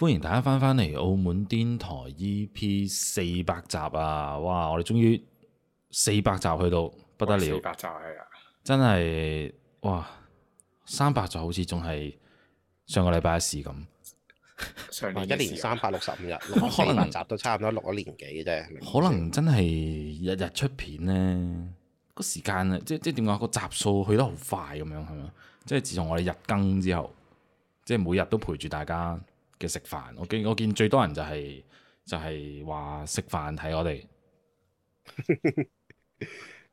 歡迎大家翻返嚟澳門癲台 E.P. 四百集啊！哇，我哋終於四百集去到不得了，四百集係啊！真係哇，三百集好似仲係上個禮拜嘅事咁，一年三百六十五日，四百集都差唔多錄咗年幾嘅啫。 可能真係日日出片咧，個時間啊，即即點講個集數去得好快咁樣係咪？即係自從我哋日更之後，即係每日都陪住大家。嘅食飯，我見我見最多人就係、是、就係話食飯睇我哋 。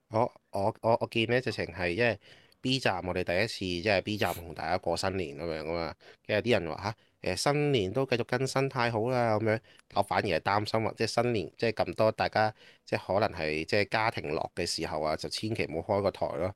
我我我我見呢直情係，因為 B 站我哋第一次即係、就是、B 站同大家過新年咁樣，樣有啊嘛。跟住啲人話吓，誒新年都繼續更新太好啦咁樣，我反而係擔心或者新年即係咁多大家即係可能係即係家庭樂嘅時候啊，就千祈唔好開個台咯，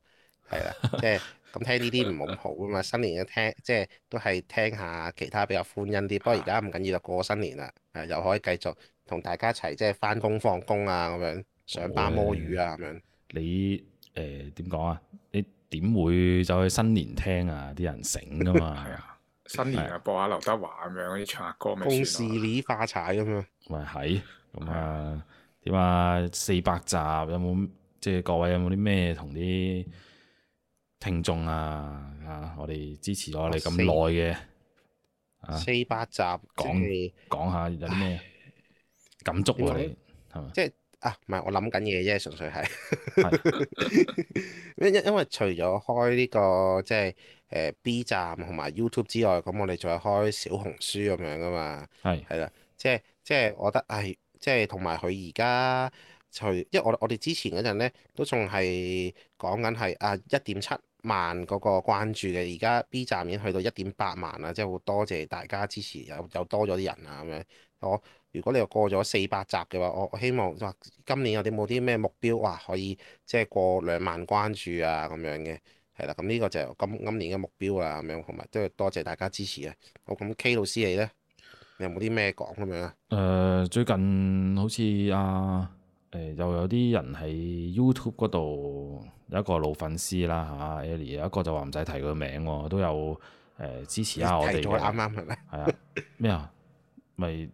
係啦， 即係。咁聽呢啲唔好唔好啊嘛！新年嘅聽即係都係聽下其他比較歡欣啲。不過而家唔緊要啦，過新年啦，誒又可以繼續同大家一齊即係翻工放工啊，咁樣上班摸魚啊，咁樣。你誒點講啊？你點會走去新年聽啊？啲人醒噶嘛。係啊，新年啊播下劉德華咁樣啲唱下歌咪算咯。恭喜你發財咁樣。咪係，咁啊點啊？四百集有冇？即係各位有冇啲咩同啲？聽眾啊，啊！我哋支持咗你咁耐嘅，四八集、啊、講唉講下有咩感觸喎、啊？係嘛？即係吧啊，唔係我諗緊嘢啫，純粹係 是 因因因為除咗開呢、呢個即係誒、呃、B 站同埋 YouTube 之外，咁、嗯、我哋仲再開小紅書咁樣噶嘛？係係啦，即係即係我覺得係、哎、即係同埋佢而家佢，因為我我哋之前嗰陣咧都仲係講緊係啊一點七。萬嗰個關注嘅，而家 B 站已經去到一點八萬啦，即係好多謝大家支持，又又多咗啲人啊咁樣。我如果你又過咗四百集嘅話，我希望話今年有啲冇啲咩目標，哇可以即係過兩萬關注啊咁樣嘅，係啦。咁呢個就咁今年嘅目標啦，咁樣同埋都係多謝大家支持啊。我咁 K 老師你咧，你有冇啲咩講咁樣啊？誒最近好似啊誒、呃、又有啲人喺 YouTube 嗰度。有一個老粉絲啦嚇，Eli，有一個就話唔使提佢名，都有誒、呃、支持下我哋嘅。啱啱係咩？係啊，咩啊？咪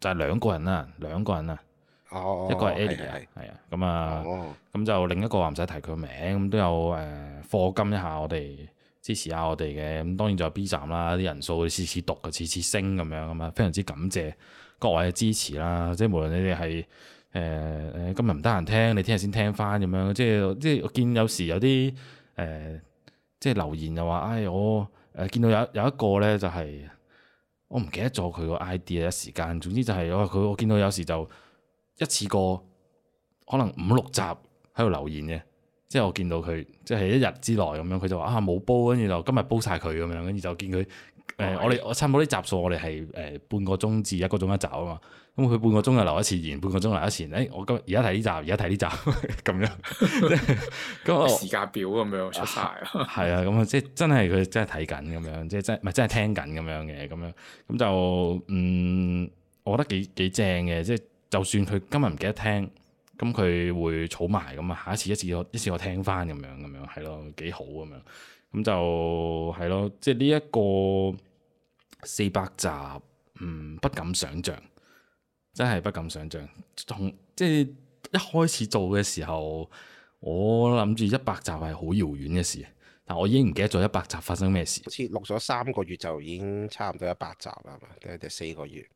就係、是、兩個人啊，兩個人啊。哦一個係 Eli 啊，係啊的。咁啊的，咁、嗯哦、就另一個話唔使提佢名，咁都有誒課金一下我哋，支持下我哋嘅。咁當然就 B 站啦，啲人數次次讀，嘅次次升咁樣咁啊，非常之感謝各位嘅支持啦。即係無論你哋係誒誒、呃，今日唔得閒聽，你聽日先聽翻咁樣，即係即係我見有時有啲誒、呃，即係留言就話，唉、哎，我誒見到有有一個咧、就係，就係我唔記得咗佢個 ID 啊，一時間，總之就係我佢我見到有時就一次過可能五六集喺度留言嘅，即係我見到佢即係一日之內咁樣，佢就話啊冇煲，跟住就今日煲晒佢咁樣，跟住就見佢。誒、嗯，我哋我差唔多啲集數，我哋係誒半個鐘至一個鐘一集啊嘛。咁佢半個鐘就留一次言，半個鐘留一次言。我今而家睇呢集，而家睇呢集咁樣，即係個 時間表咁樣出晒。係啊，咁啊，嗯、即係真係佢真係睇緊咁樣，即係真唔係真係聽緊咁樣嘅，咁樣咁就嗯，我覺得幾幾正嘅。即係就算佢今日唔記得聽，咁佢會儲埋咁啊。下一次一次我一次我聽翻咁樣咁樣係咯，幾好咁樣。咁就係咯，即係呢一個四百集，嗯，不敢想象，真係不敢想象。同即係一開始做嘅時候，我諗住一百集係好遙遠嘅事，但我已經唔記得咗一百集發生咩事。好似錄咗三個月就已經差唔多一百集啦，嘛，定定四個月，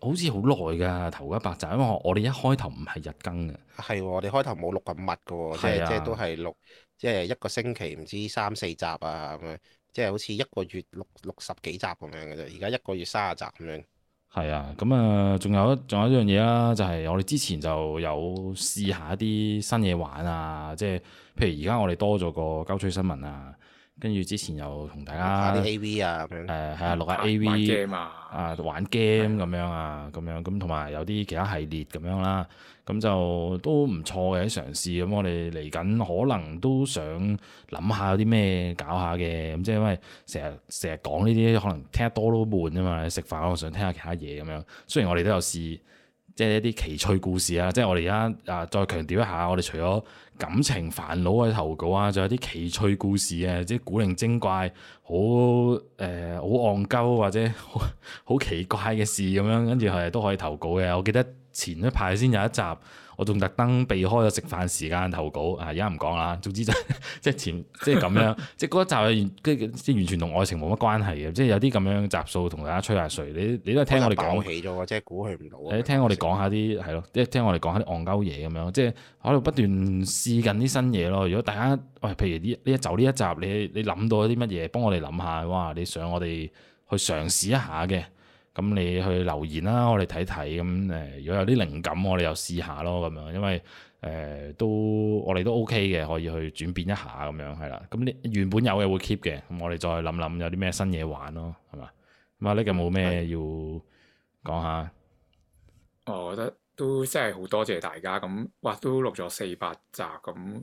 好似好耐㗎，頭一百集，因為我哋一開頭唔係日更嘅，係我哋開頭冇錄咁密嘅，的即係即係都係錄。即係一個星期唔知三四集啊咁樣，即係好似一個月六六十幾集咁樣嘅啫。而家一個月三十集咁樣。係啊，咁、嗯、啊，仲有仲有一樣嘢啦，就係、是、我哋之前就有試下一啲新嘢玩啊，即係譬如而家我哋多咗個交吹新聞啊。跟住之前又同大家睇啲 A.V. 啊，誒係啊，錄下 A.V. 啊，啊，玩 game 咁樣啊，咁樣咁同埋有啲其他系列咁樣啦，咁就都唔錯嘅喺嘗試。咁我哋嚟緊可能都想諗下有啲咩搞下嘅，咁即係因為成日成日講呢啲，可能聽得多都悶啊嘛。食飯我想聽下其他嘢咁樣。雖然我哋都有試。即係一啲奇趣故事啊！即係我哋而家啊，再強調一下，我哋除咗感情煩惱嘅投稿啊，仲有啲奇趣故事啊，即係古靈精怪、好誒、好戇鳩或者好好奇怪嘅事咁樣，跟住係都可以投稿嘅。我記得前一排先有一集。我仲特登避開咗食飯時間投稿，啊而家唔講啦，總之就即係前即係咁樣， 即係嗰一集跟即係完全同愛情冇乜關係嘅，即係有啲咁樣嘅集數同大家吹下水，你你都係聽我哋講起咗，即係估佢唔到。你聽我哋講下啲係咯，即係 聽我哋講下啲戇鳩嘢咁樣，即係、 就是、我喺度、 就是就是、不斷試緊啲新嘢咯。如果大家喂、哎，譬如呢呢一集呢一集，你你諗到啲乜嘢，幫我哋諗下，哇！你想我哋去嘗試一下嘅。咁你去留言啦、啊，我哋睇睇咁誒，如果有啲靈感，我哋又試下咯，咁樣，因為誒、呃、都我哋都 OK 嘅，可以去轉變一下咁樣，係啦。咁你原本有嘅會 keep 嘅，咁我哋再諗諗有啲咩新嘢玩咯，係嘛？咁啊，呢個有冇咩要講下？我覺得都真係好多謝大家咁，哇！都錄咗四百集咁，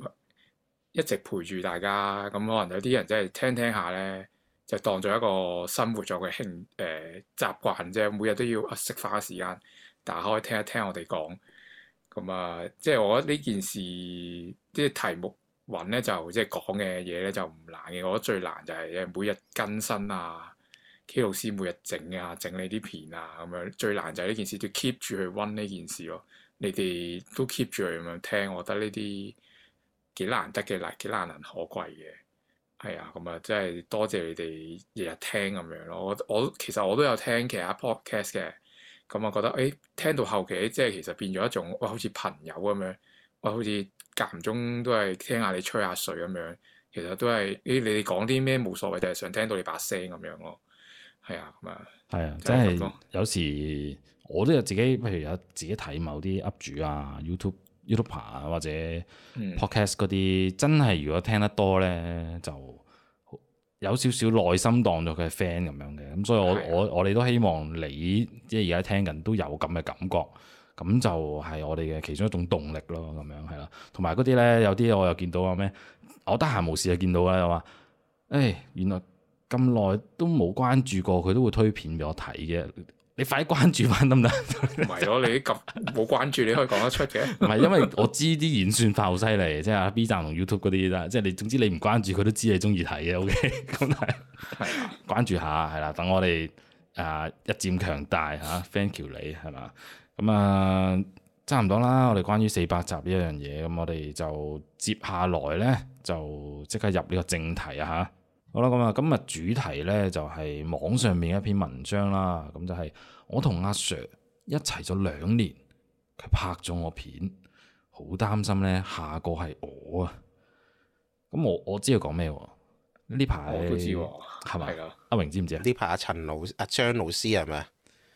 一直陪住大家，咁可能有啲人真係聽聽下咧。就當作一個生活作嘅興誒習慣啫，每日都要識花時間打開聽一聽我哋講。咁啊，即係我覺得呢件事，即係題目揾咧就即係講嘅嘢咧就唔難嘅。我覺得最難就係誒每日更新啊，K 老師每日整啊整你啲片啊咁樣。最難就係呢件事要 keep 住去温呢件事咯。你哋都 keep 住去咁樣聽，我覺得呢啲幾難得嘅，嗱幾難能可貴嘅。係啊，咁啊，真係多謝你哋日日聽咁樣咯。我我其實我都有聽其他 podcast 嘅，咁啊覺得誒、欸、聽到後期即係其實變咗一種哇、欸，好似朋友咁樣，哇好似間唔中都係聽下你吹下水咁樣。其實都係誒、欸、你哋講啲咩冇所謂，就係、是、想聽到你把聲咁樣咯。係啊，咁啊係啊，真係、嗯、有時我都有自己譬如有自己睇某啲 up 主啊 YouTube。YouTube 啊，YouTuber, 或者 podcast 嗰啲，嗯、真係如果聽得多咧，就有少少耐心當咗佢係 friend 咁樣嘅。咁所以我的我我哋都希望你即係而家聽緊都有咁嘅感覺，咁就係我哋嘅其中一種動力咯。咁樣係啦，同埋嗰啲咧有啲我又見到啊咩，我得閒無事就見到啦，又話，誒原來咁耐都冇關注過佢都會推片俾我睇嘅。你快啲關注翻得唔得？唔係咯，你咁冇關注，你可以講得出嘅。唔 係， 因為我知啲演算法好犀利，即係啊 B 站同 YouTube 嗰啲啦。即係你總之你唔關注，佢都知你中意睇嘅。OK，咁係關注下係啦。等我哋啊一漸強大嚇，thank you 你係嘛？咁啊差唔多啦。我哋關於四百集呢一樣嘢，咁我哋就接下來咧就即刻入呢個正題啊嚇。好啦，咁啊，今日主題咧就係網上面一篇文章啦，咁就係我同阿 Sir 一齊咗兩年，佢拍咗我片，好擔心咧下個係我，我，我，我啊，咁我我知佢講咩，呢排係咪，阿榮知唔知啊？呢排阿陳老阿張老師係咪？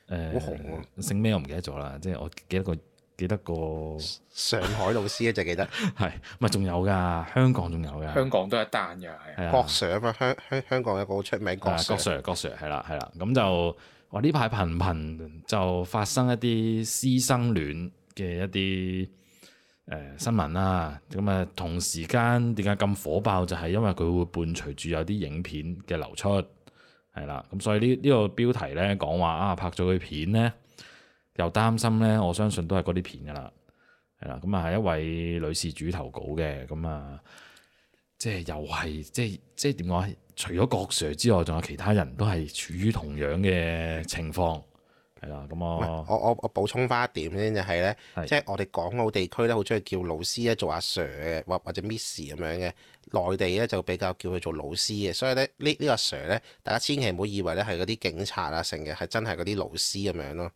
誒，好紅喎，姓咩我唔記得咗啦，即係我記得個。記得個上海老師一直記得，係唔係仲有噶？香港仲有噶的？香港都係一單嘅，係。郭 Sir 啊嘛，香香香港有個好出名嘅郭 Sir，郭 Sir 係啦係啦。咁就話呢排頻頻就發生一啲師生戀嘅一啲誒、呃、新聞啦。咁啊，同時間點解咁火爆？就係、是、因為佢會伴隨住有啲影片嘅流出，係啦。咁所以呢呢、這個標題咧講話啊拍咗佢片咧。又擔心咧，我相信都係嗰啲片噶啦，係啦。咁啊，係一位女事主投稿嘅，咁、嗯、啊，即係又係即即係點講？除咗郭 Sir 之外，仲有其他人都係處於同樣嘅情況，係啦。咁我我我，我補充翻一點先、就係，的就係咧，即係我哋港澳地區咧，好中意叫老師咧做阿 Sir 或或者 Miss 咁樣嘅。內地咧就比較叫佢做老師嘅，所以咧呢呢個 Sir 咧，大家千祈唔好以為咧係嗰啲警察啊成日係真係嗰啲老師咁樣咯。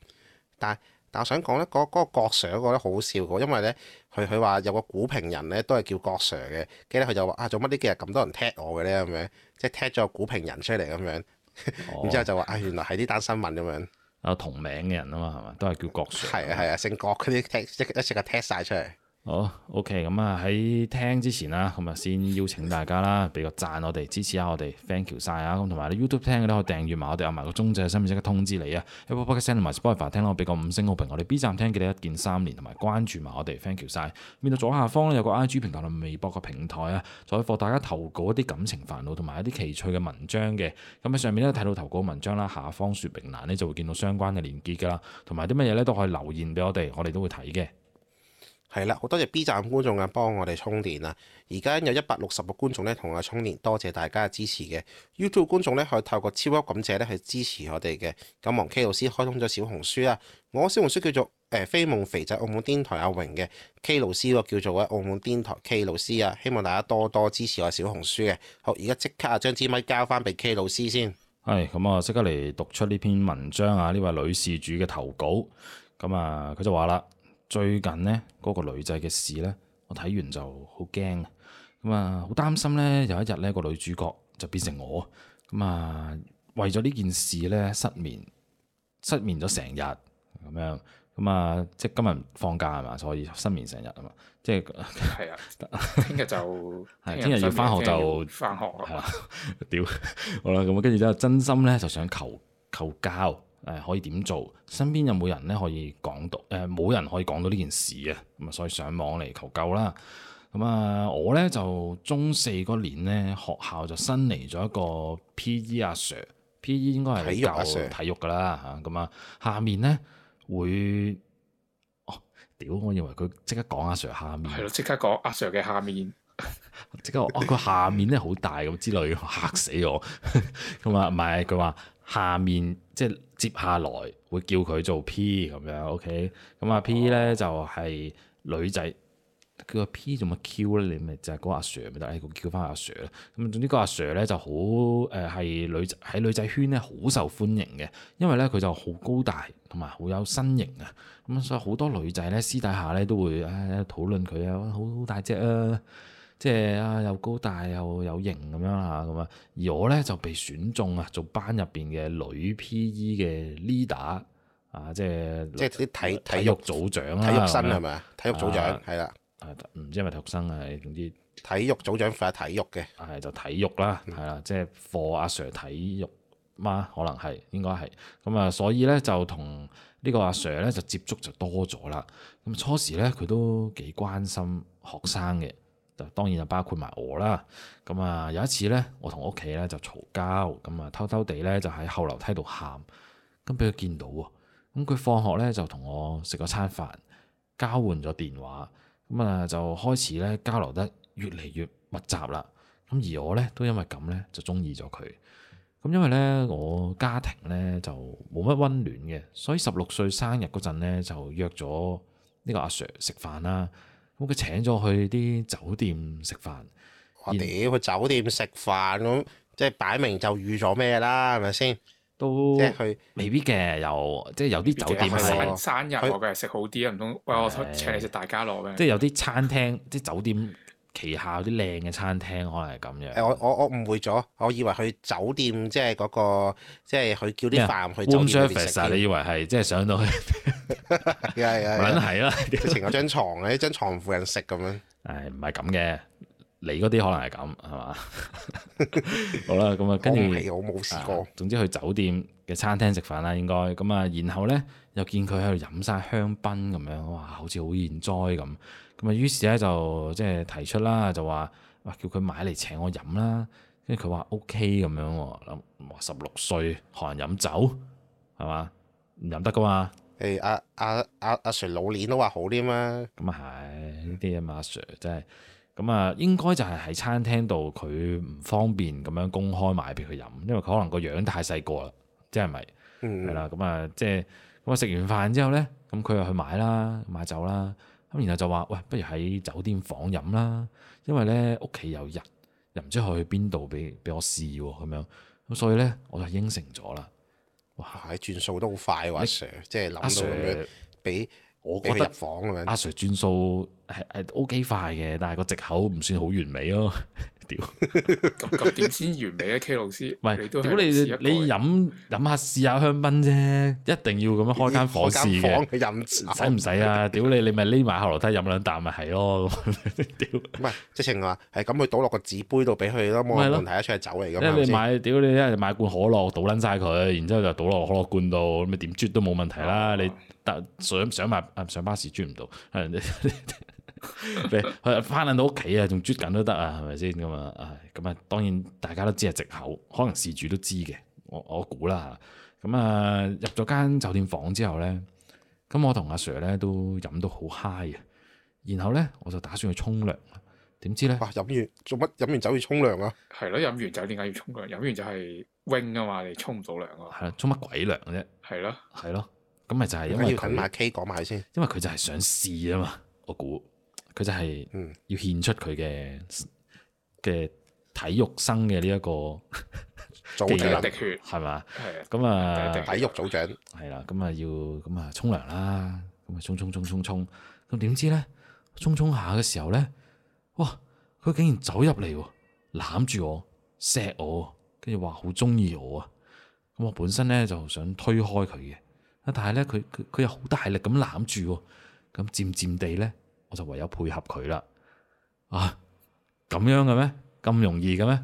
但但我想講咧，嗰、嗰、嗰、個嗰個郭 Sir 嗰個好笑嘅，因為咧佢佢話有個股評人咧都係叫郭 Sir 嘅，跟住咧佢就話啊做乜呢幾日咁多人踢我嘅咧咁樣，即、就、係、係、踢咗個股評人出嚟咁樣，哦、然之後就話啊原來係呢單新聞咁樣啊同名嘅人啊嘛，係嘛都係叫郭 Sir，係啊係啊姓郭嗰啲踢即一成個踢晒出嚟。好 OK，咁啊喺聽之前啦，咁啊先邀請大家啦，俾個贊我哋支持下我哋，thank you 晒啊！咁同埋 YouTube 聽嘅都可以訂閱埋我哋，有埋個鐘仔，身面即刻通知你啊。Apple Podcast 同埋 Spotify 聽我俾個五星好評，我哋 B 站聽記得一鍵三連，同埋關注埋我哋，thank you 晒。面到左下方咧有個 IG 平台同微博嘅平台啊，以度大家投稿一啲感情煩惱同埋一啲奇趣嘅文章嘅。咁喺上面咧睇到投稿文章啦，下方說明欄呢就會見到相關嘅連結噶啦，同埋啲乜嘢咧都可以留言俾我哋，我哋都會睇嘅。係啦，好多謝 B 站觀眾啊，幫我哋充電啊！而家有一百六十個觀眾咧，同我哋充電，多謝大家嘅支持嘅。YouTube 觀眾咧，可以透過超級感謝咧，去支持我哋嘅。咁王 K 老師開通咗小紅書啊。我小紅書叫做誒飛、呃、夢肥仔、就是、澳門電台阿榮嘅，K 老師咯叫做澳門電台 K 老師啊，希望大家多多支持我小紅書嘅、啊。好，而家即刻啊，將支咪交翻俾 K 老師先。係、哎，咁、嗯、啊，即刻嚟讀出呢篇文章啊，呢位女事主嘅投稿。咁啊，佢就話啦。最近咧嗰個女仔嘅事咧，我睇完就好驚，咁啊好擔心咧，有一日咧個女主角就變成我，咁啊為咗呢件事咧失眠，失眠咗成日咁樣，咁啊即係今日放假係嘛，所以失眠成日啊嘛，即係係啊，聽日 就聽日 要返學就返學係嘛，屌 是、啊、 好啦，咁跟住之後真心咧就想求求教。誒可以點做？身邊有冇人咧可以講到？誒、呃、冇人可以講到呢件事啊！咁啊，所以上網嚟求救啦。咁啊，我咧就中四嗰年咧，學校就新嚟咗一個 P.E. 阿 Sir，P.E. 應該係教體育阿 Sir，體育噶啦嚇。咁啊，下面咧會哦、啊、屌！我認為佢即刻講阿 Sir 下面，係咯，即刻講阿 Sir 嘅下面，即 刻哦佢、啊、下面咧好大咁之類，嚇死我咁啊！唔係佢話。下面即係、就是、接下來會叫佢做 P 咁樣，OK？咁啊 P 咧就係、是、女仔，哦、叫個 P 做乜 Q 咧？你咪就係講阿 Sir 咪得，叫翻阿 Sir 啦。咁啊，總之個阿 Sir 咧就好誒，係、呃、女仔喺女仔圈咧好受歡迎嘅，因為咧佢就好高大同埋好有身形啊。咁所以好多女仔咧私底下咧都會誒討論佢啊，好好大隻啊！即係啊，又高大又有型咁樣啦，咁啊。而我咧就被選中啊，做班入邊嘅女 P.E. 嘅 leader 啊，即係即係啲體體育，體育組長啦，啊、體育生係咪啊？體育組長係啦，唔、啊的啊、知係咪體育生啊，總之體育組長負責體育嘅，係就體育啦，係啦， 即係課阿 Sir 體育嘛，可能係應該係咁啊，所以咧就同呢個阿 Sir 咧就接觸就多咗啦。咁初時咧佢都幾關心學生嘅。就當然就包括埋我啦，咁啊有一次咧，我同屋企咧就嘈交，咁啊偷偷地咧就喺後樓梯度喊，咁俾佢見到喎，咁佢放學咧就同我食咗餐飯，交換咗電話，咁啊就開始咧交流得越嚟越密集啦，咁而我咧都因為咁咧就中意咗佢，咁因為咧我家庭咧就冇乜溫暖嘅，所以十六歲生日嗰陣咧就約咗呢個阿 Sir 食飯啦。咁佢請咗去啲酒店食飯，我屌去酒店食飯咁，即係擺明就預咗咩啦，係咪先？都未必嘅，又，即係有啲酒店係、啊、生日我梗係食好啲啊，唔通是喂，我請你食大家樂咩？即係有啲餐廳、啲酒店旗下啲靚嘅餐廳，可能係咁樣。誒，我我我誤會咗，我以為去酒店即係嗰、嗰個，即係佢叫啲飯去。Warm service 你以為係即係上到去？ 梗係啦，佢停嗰張床啊，一張床附近食咁樣。誒，唔係咁嘅，你嗰啲可能係咁係嘛。好啦，咁啊，跟住 我冇試過，啊。總之去酒店嘅餐廳食飯啦，應該咁啊。然後咧又見佢喺度飲晒香檳咁樣，哇，好似好現哉咁。咁啊，於是咧就即係提出啦，就話喂叫佢買嚟請我飲啦。跟住佢話 O K 咁樣，諗十六歲學人飲酒係嘛，唔飲得噶嘛。誒阿阿阿阿 Sir 老年都話好啲嘛，咁、嗯、啊係呢啲啊阿 Sir 真係咁啊，應該就係喺餐廳度佢唔方便咁樣公開買俾佢飲，因為佢可能個樣太細個啦，即係咪、嗯？嗯，係、就、啦、是，咁、嗯、啊，即係咁啊，食完飯之後咧，咁佢又去買啦，買酒啦，咁然後就話喂，不如喺酒店房飲啦，因為咧屋企有人，又唔知佢去邊度俾俾我試喎，咁樣咁所以咧我就應承咗啦。哇！喺轉數都好快喎、啊，你 Sir, 阿 Sir，即係諗到咁樣，俾我個入房咁樣。阿 Sir 轉數係係 OK 快嘅，但係個藉口唔算好完美咯、啊。咁咁點先完美啊？K 老師，喂，屌你你飲飲下試下香檳啫，一定要咁樣開間火試嘅，飲使唔使啊？屌 你你咪匿埋後樓梯飲兩啖咪係咯，屌、即係，唔係直情話係咁去倒落個紙杯度俾佢咯，冇問題啊， 出係酒嚟噶嘛？即係你買屌你一係買罐可樂倒捻晒佢，然之後就倒落可樂罐度，咁咪點啜都冇問題啦。啊、你得想埋上巴士啜唔到。 佢翻返到屋企啊，仲啜緊都得啊，係咪先咁啊？咁啊，當然大家都知係藉口，可能事主都知嘅。我我估啦。咁啊，入咗間酒店房之後咧，咁、嗯、我同阿 Sir 咧都飲到好 high 啊。然後咧，我就打算去沖涼。點知咧？哇，飲完做乜？飲完酒要沖涼啊？係咯，飲完酒點解要沖涼？飲完就係 wing 啊嘛，你沖唔到涼啊？係啦，沖乜鬼涼啫？係咯了，係咯，咁咪就係因為佢阿 K 講埋先，因為佢就係想試啊嘛，我估。佢就係要獻出佢嘅嘅體育生嘅呢一個嘅熱血，係嘛、嗯？係、uh, 咁啊，體育組長係啦，咁啊要咁啊沖涼啦，咁啊沖冲冲冲沖。咁點知咧沖沖下嘅時候咧，哇！佢竟然走入嚟攬住我，錫我，跟住話好中意我啊。咁我本身咧就想推開佢嘅，但係咧佢佢佢又好大力咁攬住，咁漸漸地咧。我就唯有配合佢啦，啊咁樣嘅咩咁容易嘅咩？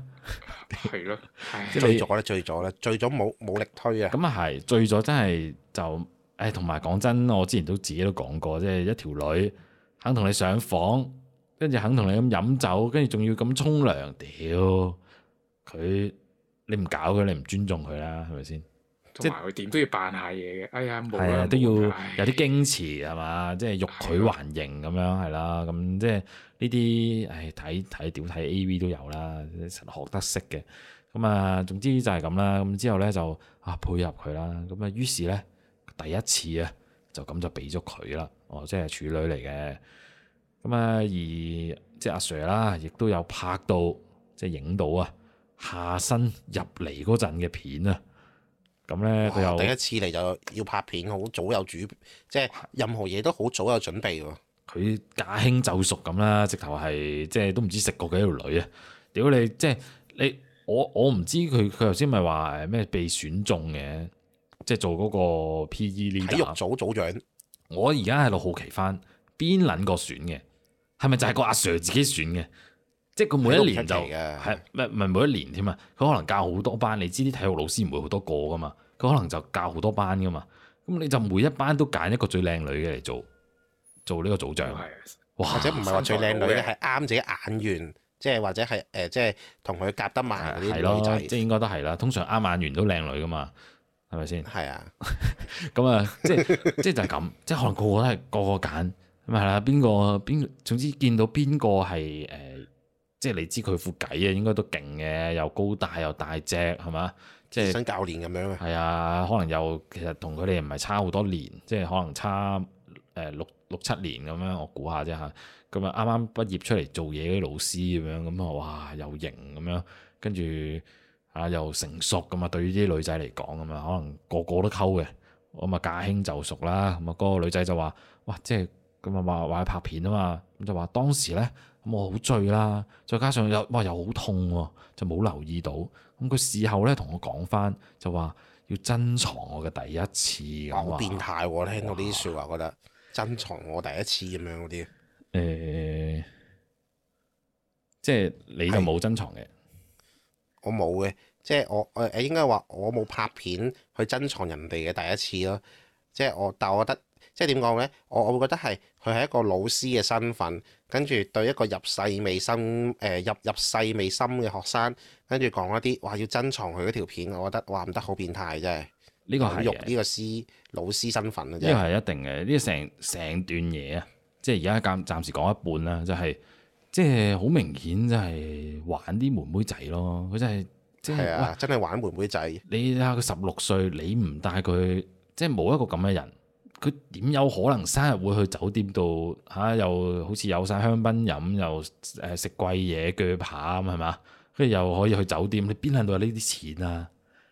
係 咯係， 醉咗啦，醉咗啦，醉咗冇冇力推啊。咁啊係醉咗真係就誒，同埋講真，我之前都自己都講過，即係一條女肯同你上房，跟住肯同你咁飲酒，跟住仲要咁沖涼，屌佢你唔搞佢，你唔尊重佢啦，係咪先？即係佢點都要扮下嘢嘅，哎呀，冇啦，都要有啲矜持係嘛，即係欲拒還迎咁樣係啦。咁即係呢啲，誒睇睇點睇 AV 都有啦，實學得識嘅。咁啊，總之就係咁啦。咁之後咧就啊配合佢啦。咁啊於是咧第一次啊就咁就俾咗佢啦。哦，即係處女嚟嘅。咁啊而即係阿 Sir 啦，亦都有拍到即係影到啊下身入嚟嗰陣嘅片啊。咁咧佢又第一次嚟就要拍片，好早有主，即係任何嘢都好早有準備喎。佢駕輕就熟咁啦，直頭係即係都唔知食過幾條女啊！屌你，即係你我我唔知佢佢頭先咪話誒咩被選中嘅，即係做嗰個 P.E. 呢 part，體育組組長。我而家喺度好奇翻，邊撚個選嘅？嗯？係咪就係個阿 sir 自己選嘅？啊即係佢每一年就係唔係每一年添啊？佢可能教好多班，你知啲體育老師唔會好多個噶嘛？佢可能就教好多班噶嘛？咁你就每一班都揀一個最靚女嘅嚟，做做呢個組長。或者唔係話最靚女咧，係啱自己眼緣，即係的或者係誒，即係同佢夾得埋啲女仔，即係的應該都係啦。通常啱眼緣都靚女噶嘛，係咪先？係啊的，咁啊， 即係即係就係咁，即係可能個個都係個個揀咁啊。邊個邊，總之見到邊個係誒。呃即係你知佢副偈啊，應該都勁嘅，又高大又大隻，係嘛？即係健身教練咁樣啊。係啊，可能又其實同佢哋唔係差好多年，即係可能差誒六六七年咁樣，我估下啫嚇。咁啊啱啱畢業出嚟做嘢啲老師咁樣，咁啊哇又型咁樣，跟住啊又成熟咁啊，對於啲女仔嚟講咁啊，可能個個都溝嘅。咁啊駕輕就熟啦。咁啊個女仔就話：哇，即係咁啊話話佢拍片啊嘛。咁就話當時咧。我好醉啦，再加上又哇又好痛喎，啊，就冇留意到。咁佢事後咧同我講翻，就話要珍藏我嘅第一次咁啊！好變態，說聽到呢啲說話哇覺得珍藏我第一次咁樣嗰啲，誒、呃，即係你就冇珍藏嘅，我冇嘅，即係我誒誒，應該話我冇拍片去珍藏人哋嘅第一次咯。即係我，但係我覺得即係點講咧，我我會覺得係佢係一個老師嘅身份。跟住對一個入世未深，誒、呃、入入世未深嘅學生，跟住講一啲話要珍藏佢嗰條片，我覺得哇唔得好變態，真係呢個係侮辱呢個師老師身份啊！呢個係一定嘅，呢啲成成段嘢啊，即係而家暫暫時講一半啦，就係、是、即係好明顯，就係玩啲妹妹仔咯，佢真係係啊，的哇真係玩妹妹仔。你睇下佢十六歲，你唔帶佢，即係冇一個咁嘅人。佢點有可能生日會去酒店度嚇、啊？又好似有晒香檳飲，又誒食貴嘢鋸扒咁係嘛？跟住又可以去酒店，你邊度有呢啲錢啊？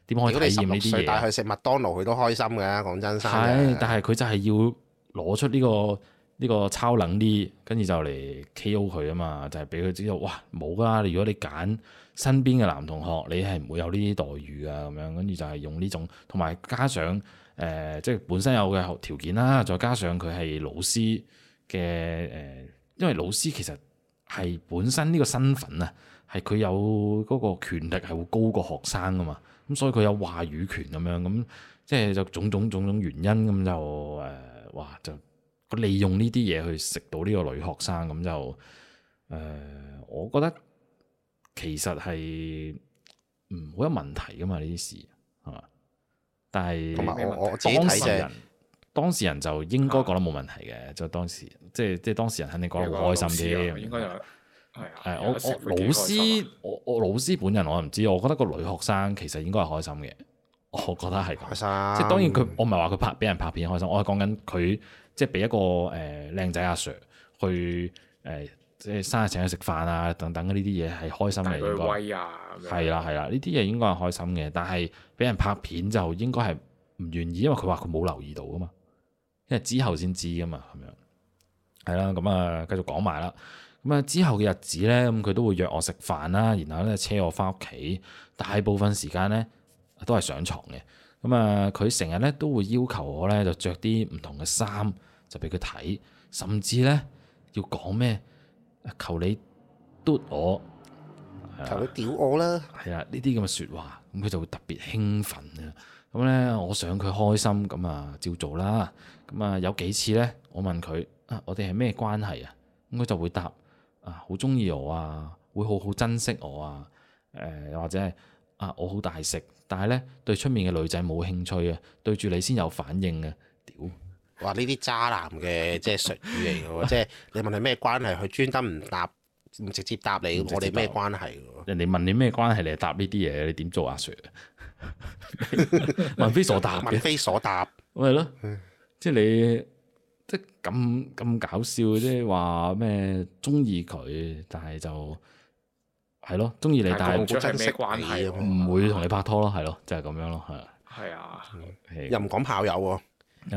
點可以體驗呢啲嘢？佢六十歲去食麥當勞，佢都開心嘅。講真，心係、啊，但係佢就係要攞出呢、這個呢、這個超冷啲，跟住就嚟 KO 佢啊嘛！就係俾佢知道，哇，冇啦！如果你揀身邊嘅男同學，你係唔會有呢啲待遇啊咁樣。跟住就係用呢種，同埋加上。誒、呃，即係本身有嘅學條件啦，再加上佢係老師嘅誒、呃，因為老師其實係本身呢個身份啊，係佢有嗰個權力係會高過學生噶嘛，咁所以佢有話語權咁樣，咁即係就種種種種原因咁就誒、呃，哇，就利用呢啲嘢去食到呢個女學生咁就誒、呃，我覺得其實係唔好有問題噶嘛，呢啲事。但係我我自己睇嘅、就是，當事人就應該覺得冇問題嘅。嗯、就當時即係即係當事人肯定覺得好開心啲，應該係係的我的我，我老師我我老師本人我唔知，我覺得個女學生其實應該係開心嘅，我覺得係咁。心即係當然佢我唔係話佢拍俾人拍片開心，我係講緊佢即係俾一個誒靚仔阿 Sir 去誒。呃呃呃呃即係生日請佢食飯等等啊，等等呢啲嘢係開心嘅。帶佢威啊！應該。係啦係啦，呢啲嘢應該係開心嘅。但係俾人拍片就應該係唔願意，因為佢話佢冇留意到啊嘛，因為之後先知啊嘛咁樣。係啦，咁啊、嗯、繼續講埋啦。咁、嗯、啊之後嘅日子咧，咁、嗯、佢都會約我食飯啦，然後咧車我翻屋企。大部分時間咧都係上床嘅。咁啊佢成日咧都會要求我咧就着啲唔同嘅衫就俾佢睇，甚至咧要講咩？求你嘟我，求你屌我啦。係啦，呢啲咁嘅說話，咁佢就會特別興奮啊。咁咧，我想佢開心，咁啊照做啦。咁啊，有幾次咧，我問佢啊，我哋係咩關係啊？咁佢就會答啊，好中意我啊，會好好珍惜我啊。誒、呃，或者係啊，我好大食，但係咧對出面嘅女仔冇興趣啊，對住你先有反應啊。話呢啲渣男嘅即係術語嚟嘅喎，即係 你問佢咩關係，佢專登唔答，唔直接答你，我哋咩關係？人哋問你咩關係，你答呢啲嘢，你點做水 問啊，Sir？問非所答，問非所答，咪係咯？即係你即係咁咁搞笑，即係話咩中意佢，但係就係咯，中意你，但係冇真實關係，唔了會同你拍拖咯，係咯，就係、是、咁樣咯，係啊，係啊，又唔講炮友喎。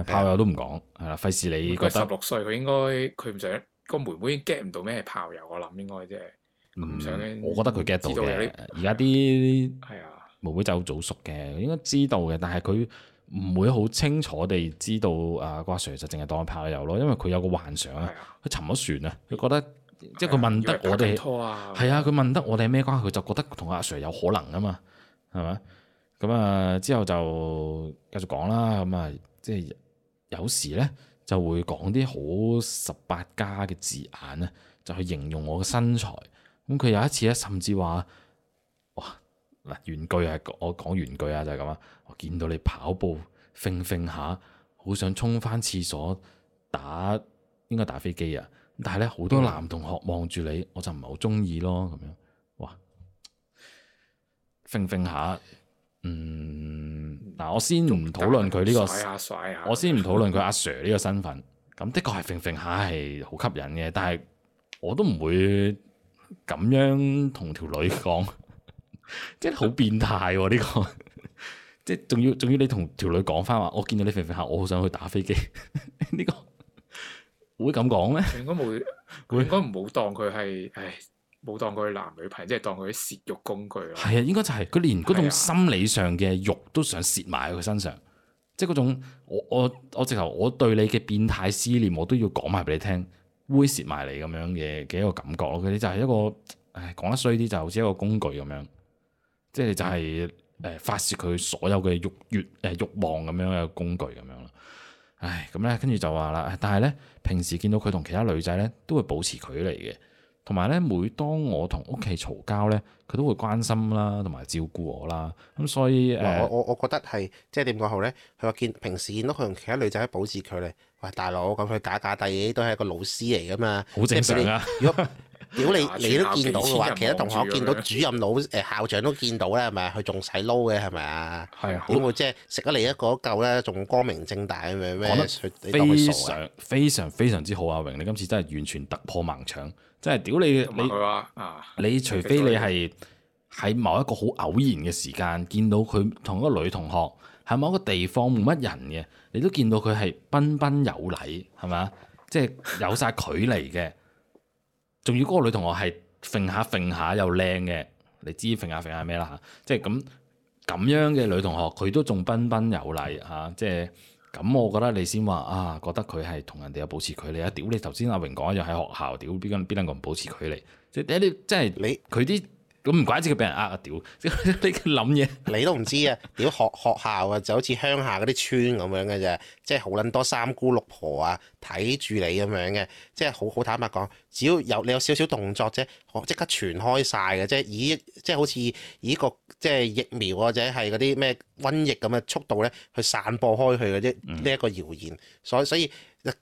炮友都唔講，係啦、啊，費事你覺得十六歲佢應該佢唔想個妹妹已經 get 唔到咩炮友，我諗應該即係唔想、嗯。我覺得佢 get 到嘅，而家啲係啊妹妹就好早熟嘅，應該知道嘅，但係佢唔會好清楚地知道啊個阿 Sir 就淨係當炮友咯，因為佢有個幻想啊，佢沉咗船啊，佢覺得即係佢問得我哋係啊，佢、啊啊、問得我哋咩關，佢就覺得同阿 Sir 有可能啊嘛，係咪？咁啊之後就繼續講啦，咁啊～即係有時咧就會講啲好十八家嘅字眼咧，就去形容我嘅身材。咁佢有一次咧，甚至話：哇嗱，原句啊，我講原句啊，就係咁啊！我見到你跑步，揈揈下，好想沖返廁所打，應該打飛機啊！咁但係咧，好多男同學望住你，我就唔係好中意咯，咁樣哇，揈揈下。嗯，嗱，我先唔討論佢呢個，我先唔討論佢阿 Sir 呢個身份。咁的確係肥肥下係好吸引嘅，但係我都唔會咁樣同條女講， 即係好變態呢、啊這個，即係仲要仲要你同條女講翻話，我見到你肥肥下，我好想去打飛機。呢、 這個會咁講咩？應該冇，佢應該唔好當佢係唉。冇當佢男女朋友，即係當佢啲泄欲工具咯。係 啊，應該就係、是、佢連嗰種心理上嘅肉都想泄埋喺佢身上，即係嗰種我我我直頭我對你嘅變態思念，我都要講埋俾你聽，猥褻埋你咁樣嘅嘅一個感覺咯。佢哋就係一個，唉，講得衰啲就好似一個工具咁樣，即係就係誒發泄佢所有嘅欲慾誒慾、呃、慾望咁樣嘅工具咁樣啦。唉，咁咧跟住就話啦，但係咧平時見到佢同其他女仔咧都會保持距離嘅。同埋咧，每當我同屋企嘈交咧，佢都會關心啦，同埋照顧我啦。咁所以誒，我我我覺得係即係點講好咧？佢話見平時見到佢同其他女仔保持距離，喂，大佬咁佢假假哋都係一個老師嚟噶嘛？好正常啊！如果屌 你你都見到嘅話，其他同學見到主任老誒、 呃、校長都見到咧，係咪？佢仲使撈嘅係咪啊？係啊！的會唔會即係食咗你一個夠咧？仲光明正大咩咩？講得非常非常，非常非常非常之好，阿榮，你今次真係完全突破盲腸。即係屌你嘅，啊、你除非你係喺某一個好偶然嘅時間見到佢同一個女同學喺某一個地方冇乜人嘅，你都見到佢係彬彬有禮，係咪？即係有晒距離嘅，仲要嗰個女同學係揈下揈下又靚嘅，你知揈下揈下咩啦吓？即係咁咁樣嘅女同學，佢都仲彬彬有禮吓、啊，即係。咁我覺得你先話啊，覺得佢係同人哋有保持距離啊？屌你頭先阿榮講一樣，喺學校，屌邊間邊兩個唔保持距離？即係你，即係你佢啲咁唔怪之佢俾人呃啊！屌你諗嘢，你都唔知啊！屌 學學校啊，就好似鄉下嗰啲村咁樣嘅啫，即係好撚多三姑六婆啊，睇住你咁樣嘅，即係好好坦白講，只要有你有少少動作啫，即刻傳開晒嘅，即係以即係好似以，以個。即係疫苗或者係嗰啲咩瘟疫咁嘅速度咧，去散播開去嘅啫。呢一個謠言，嗯、所以所以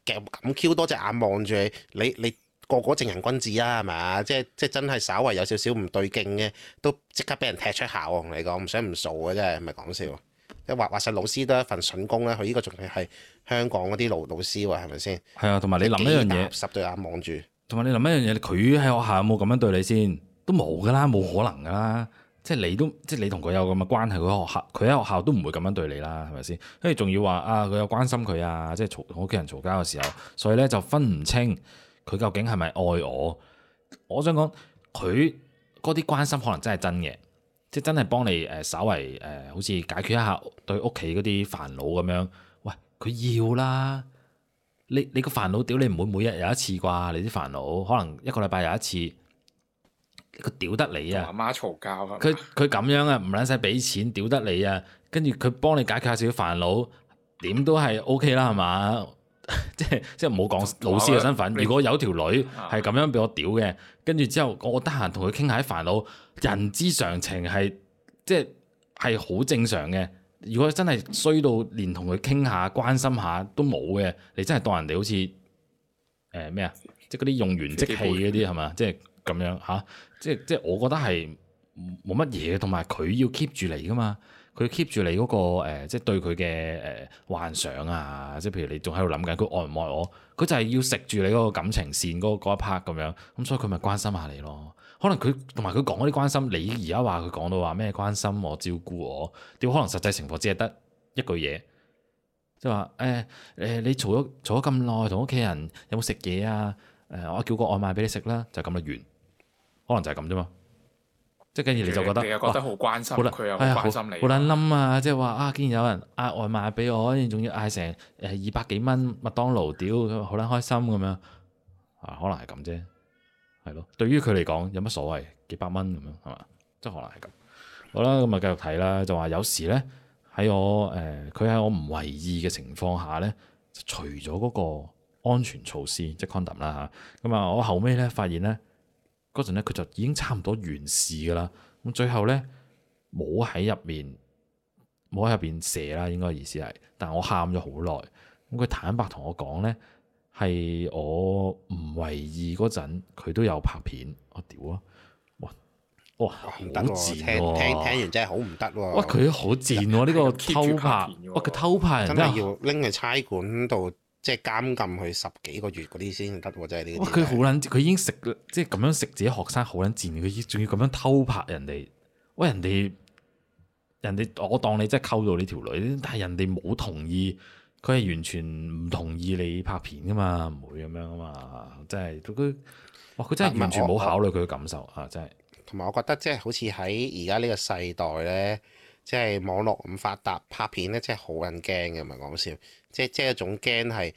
夾咁 Q 多隻眼望住你，你，你個個正人君子啊，係咪？即係即係真係稍為有少少唔對勁嘅，都即刻俾人踢出校。我同你講，唔想唔數嘅啫，真係，唔係講笑。即話話曬老師都一份筍工咧，佢呢個仲係香港嗰啲老老師喎，係咪先？係啊，同埋你諗一樣嘢，十對眼望住。同埋你諗一樣嘢，佢喺學校有冇咁樣對你先？都冇噶啦，冇可能噶啦。即係你都，即係你同佢有咁嘅關係，佢喺學校，佢喺學校都唔會咁樣對你啦，係咪先？跟住仲要話啊，佢有關心佢啊，即係嘈同屋企人嘈交嘅時候，所以咧就分唔清佢究竟係咪愛我？我想講佢嗰啲關心可能真係真嘅，即係真係幫你誒，稍微誒，好似解決一下對屋企嗰啲煩惱咁樣。喂，佢要啦，你你個煩惱屌你唔會每日有一次啩？你啲煩惱可能一個禮拜有一次。佢屌得你啊！媽嘈交佢佢咁樣啊，唔撚使俾錢屌得你啊，跟住佢幫你解決下少少煩惱，點都係 O K 啦，係嘛？ 即係即係唔好講老師嘅身份。如果有條女係咁樣俾我屌嘅，跟住之後我得閒同佢傾下啲煩惱，人之常情係，即係係好正常嘅。如果真係衰到連同佢傾下關心下都冇嘅，你真係當人哋好似誒咩啊？即係嗰啲用完即棄嗰啲係嘛？即係咁樣吓。啊即係即係，我覺得係冇乜嘢，同埋佢要 keep 住你㗎嘛，佢 keep 住你嗰、個、呃、即係對佢嘅誒幻想啊，即係譬如你仲喺度諗緊佢愛唔愛我，佢就係要食住你嗰個感情線嗰、嗰、一 part 咁樣，咁所以佢咪關心下你咯。可能佢同埋佢講嗰啲關心，你而家話佢講到話咩關心我照顧我，屌可能實際情況只係得一句嘢，即係話誒誒，你嘈咗嘈咗咁耐，同屋企人有冇食嘢啊？誒、呃，我叫個外賣俾你食啦，就咁、嘅、就完。可能就係咁啫嘛，即係跟住你就覺得，你哇覺得好關心，好啦，有好心你哎呀好，好捻冧啊！即係話啊，竟然有人嗌外賣俾我，仲要嗌成誒二百幾蚊麥當勞，屌好捻開心咁樣啊！可能係咁啫，係咯。對於佢嚟講，有乜所謂？幾百蚊咁樣係嘛？即係可能係咁。好啦，咁啊繼續睇啦。就話有時咧喺我誒，佢、呃、喺我唔為意嘅情況下咧，就除咗嗰個安全措施，即係 condom 啦、啊、吓。咁啊，啊，我後尾咧發現咧。嗰陣咧，佢就已經差唔多完事噶啦。咁最後咧，冇喺入面，冇喺入邊射啦。應該意思係，但我喊咗好耐。咁佢坦白同我講咧，係我唔為意嗰陣，佢都有拍片。我屌哇啊！哇哇，好賤喎！聽聽，聽完真係好唔得喎。佢好賤喎，啊！呢、呢個偷拍，拍啊、哇！佢偷拍人，人真係要拎去差館度。即係監禁佢十幾個月嗰啲先得喎，真係呢哇！佢好撚，佢已經食，即係咁樣食自己學生好撚賤，佢仲要咁樣偷拍人哋。喂，人哋人哋我當你真係溝到你條女，但係人哋冇同意，佢係完全唔同意你拍片噶嘛，唔會咁樣噶嘛。真係都佢，哇！佢真係完全冇考慮佢嘅感受啊！真係。同埋我，我覺得，即係好似喺而家呢個世代咧。即係網絡咁發達，拍片咧真係好撚驚嘅，唔係講笑。即係即係一種驚係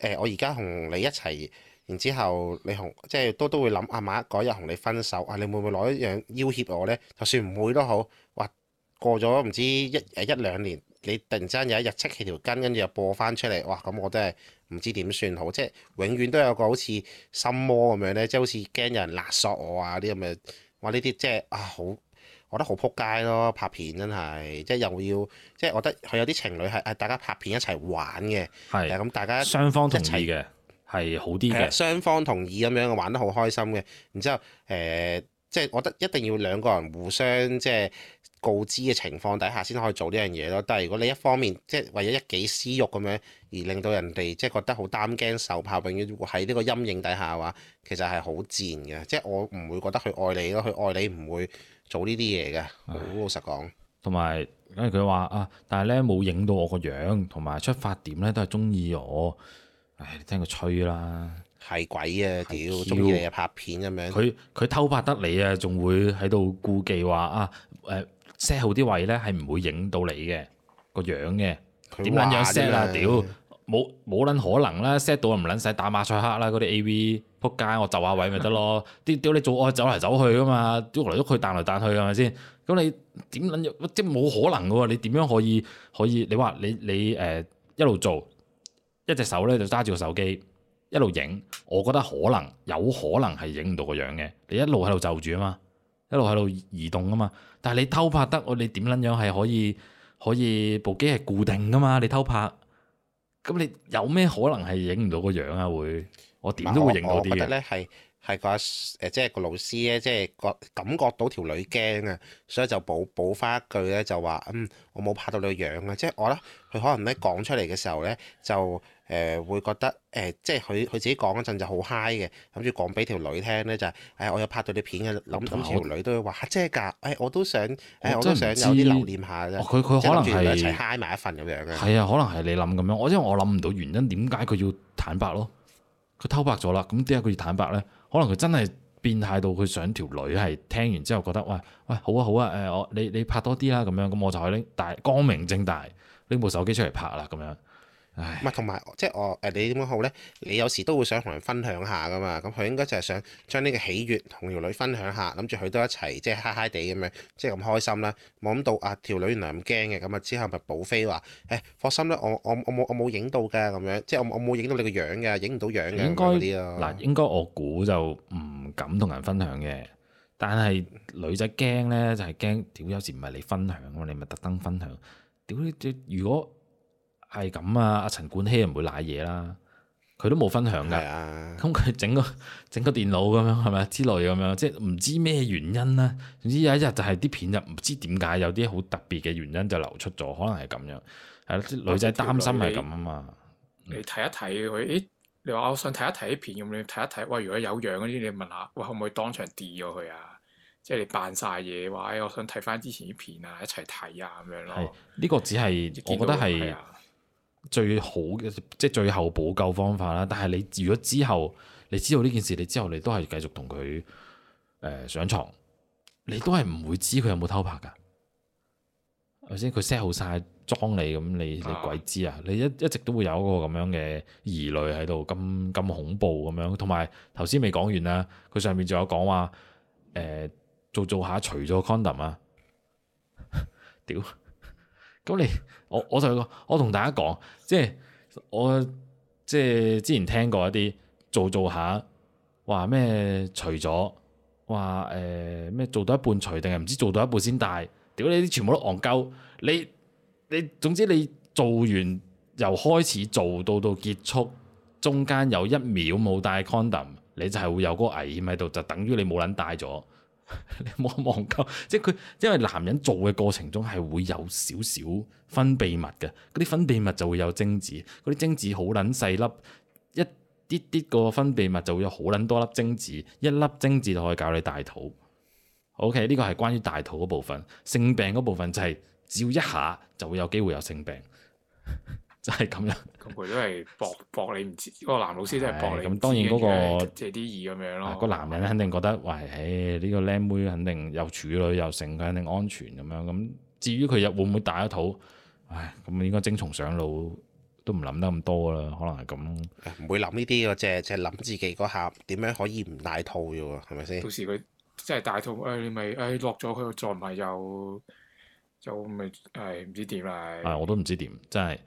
誒，我而家同你一齊，然之後你同即係都都會諗啊，萬一嗰日同你分手啊，你會唔會攞一樣要挾我咧？就算唔會都好，哇！過咗唔知一誒一兩年，你突然之間有一日戚起條筋，跟住又播翻出嚟，哇！咁我都係唔知點算好。即係永遠都有個好似心魔咁樣咧，即係好似驚有人勒索我啊啲咁嘅。哇！呢啲即係啊好～我覺得好撲街咯，拍片真係即係又要即係。我覺得佢有啲情侶係誒，大家拍片一齊玩嘅係咁，大家雙方同意嘅係一齊好啲嘅雙方同意咁樣玩得好開心嘅。然之後誒、呃，即係我覺得一定要兩個人互相即係告知嘅情況底下先可以做呢樣嘢咯。但係如果你一方面即係為咗一己私欲咁樣而令到人哋即係覺得好擔驚受怕，永遠喺呢個陰影底下嘅話，其實係好賤嘅。即係我唔會覺得佢愛你咯，佢愛你唔會。做呢啲嘢嘅，好老實講。同埋、啊，因為佢話啊，但係咧冇影到我個樣，同埋出發點咧都係中意我。唉、哎，聽佢吹啦，係鬼啊屌！中意你拍片咁樣，佢佢偷拍得你啊，仲、呃、會喺度顧忌話啊誒 set 好啲位咧，係唔會影到你嘅個樣嘅，點撚樣 set 啊屌！啊冇冇撚可能啦，set 到就唔撚使打馬賽克啦，嗰啲 A.V. 撲街我就下位咪得咯。啲屌 你做我走嚟走去噶嘛，喐嚟喐去彈嚟彈，彈去係咪先？咁你點撚即冇可能嘅喎？你點樣可以可以？你話你你誒、呃、一路做一隻手咧就揸住個手機一路影，我覺得可能有可能係影唔到個樣嘅。你一路喺度就住啊嘛，一路喺度移動啊嘛。但係你偷拍得我你點撚樣係可以可以部機係固定噶嘛？你偷拍。咁你有咩可能係影唔到個樣啊？會我點都會影到啲，覺得咧，係係、個誒、呃，即係個老師咧，即係覺感覺到條女驚啊，所以就補補翻一句咧，就話嗯，我冇拍到你個樣啊，即係我覺得，佢可能咧講出嚟嘅時候咧就。誒、呃、會覺得誒、呃，即係佢佢自己講嗰陣就好嗨嘅，諗住講俾條女聽咧、就是，就係誒我有拍到啲片嘅，諗諗條女都會話嚇、啊、真係、哎、我都想誒真、哎，我都想有啲留念下啫。佢佢、啊、可能係一 i 嗨埋一份咁樣嘅。係啊，可能係你諗咁樣。我因為我諗唔到原因，點解佢要坦白咯？佢偷拍咗啦，咁點解佢要坦白咧？可能佢真係變態到佢想條女係聽完之後覺得，喂喂好啊好啊，誒、啊呃、我你你拍多啲啦咁樣，咁我就去拎，但係光明正大拎部手機出嚟拍啦咁樣。唔係，同埋即係我誒、呃，你點講好咧？你有時都會想同人分享下噶嘛？咁佢應該就係想將呢個喜悅同條女分享下，諗住佢都一齊即係嗨嗨地咁樣，即係咁開心啦。冇諗到啊，條女原來咁驚嘅，咁啊之後咪補飛話誒，放心啦，我我我冇我冇影到㗎，咁樣即係我我冇影到你個樣嘅，影唔到樣嘅嗰啲咯。嗱，應該我估就唔敢同人分享嘅，但係女仔驚咧就係驚屌，有時唔係你分享㗎嘛，你咪特登分享屌你！如果係咁啊！阿陳冠希唔會瀨嘢啦，佢都冇分享噶。咁佢整個整個電腦咁樣，係咪之類咁樣，即係唔知咩原因啦。總之有一日就係啲片就唔知點解有啲好特別嘅原因就流出咗，可能係咁樣。係咯，女仔擔心係咁啊嘛。你睇一睇佢，咦？你話我想睇一睇啲片，咁你睇一睇？喂，如果有樣嗰啲，你問下，喂，可唔可以當場 delete 咗佢啊？即係你扮晒嘢，話誒，我想睇翻之前啲片啊，一齊睇啊，咁樣咯。係，呢個只係我覺得係。最好嘅即係最後補救方法啦，但係你如果之後你知道呢件事，你之後你都係繼續同佢誒上床，你都係唔會知佢有冇偷拍噶，頭先，佢 set 好晒裝你，咁你你鬼知啊？你一一直都會有嗰個咁樣嘅疑慮喺度，咁咁恐怖咁樣。同埋頭先未講完、呃、做做啊，佢上面仲有講話誒做做下除咗 condom 啊，屌！咁你，我我就係講，我同大家講，即係我即係之前聽過一啲做做下話咩除咗話誒咩做到一半除，定係唔知做到一半先戴？屌你啲全部都戇鳩，你你總之你做完由開始做到到結束，中間有一秒冇戴 condom，你就係會有嗰個危險喺度，就等於你冇撚戴咗。 你望望，網即係佢，因為男人做嘅過程中係會有少少分泌物嘅，嗰啲分泌物就會有精子，嗰啲精子好捻細粒，一啲啲個分泌物就會有好捻多粒精子，一粒精子就可以搞你大肚。OK，呢個係關於大肚嗰部分，性病嗰部分就係只要一下就會有機會有性病。 真係咁樣，佢都係博博你唔知嗰、嗰個男老師真係博你。咁當然嗰、嗰個借啲意咁樣咯。個男人肯定覺得話誒呢個靚妹肯定又處女又剩，佢肯定安全咁樣。咁至於佢又會唔會大一肚，唉咁應該精蟲上腦都唔諗得咁多啦。可能係咁唔會諗呢啲嘅啫。淨係即係諗自己嗰下點樣可以唔戴套啫喎？係咪先到時佢真係大肚，誒、哎、你咪誒、哎、落咗佢再唔係又就咪係唔知點啦、哎哎。我都唔知點真係。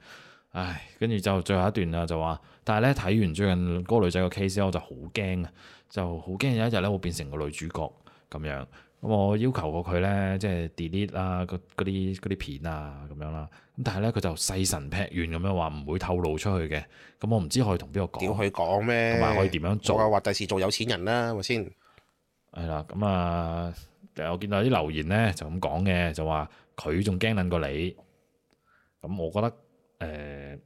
唉，跟住就最後一段啦，就話，但係咧睇完最近嗰個女仔個 case 咧，我就好驚啊，就好驚有一日咧會變成個女主角咁樣。咁我要求過佢咧，即係 delete 啊，嗰啲啲片啊咁樣啦。咁但係咧佢就細神劈完咁樣話唔會透露出去嘅。咁我唔知可以同邊個講，點去講咩，同埋可以點樣做？我話第時做有錢人啦，先。係啦，咁啊，但我見到啲留言咧就咁講嘅，就話佢仲驚撚過你。咁我覺得。誒，唔、呃、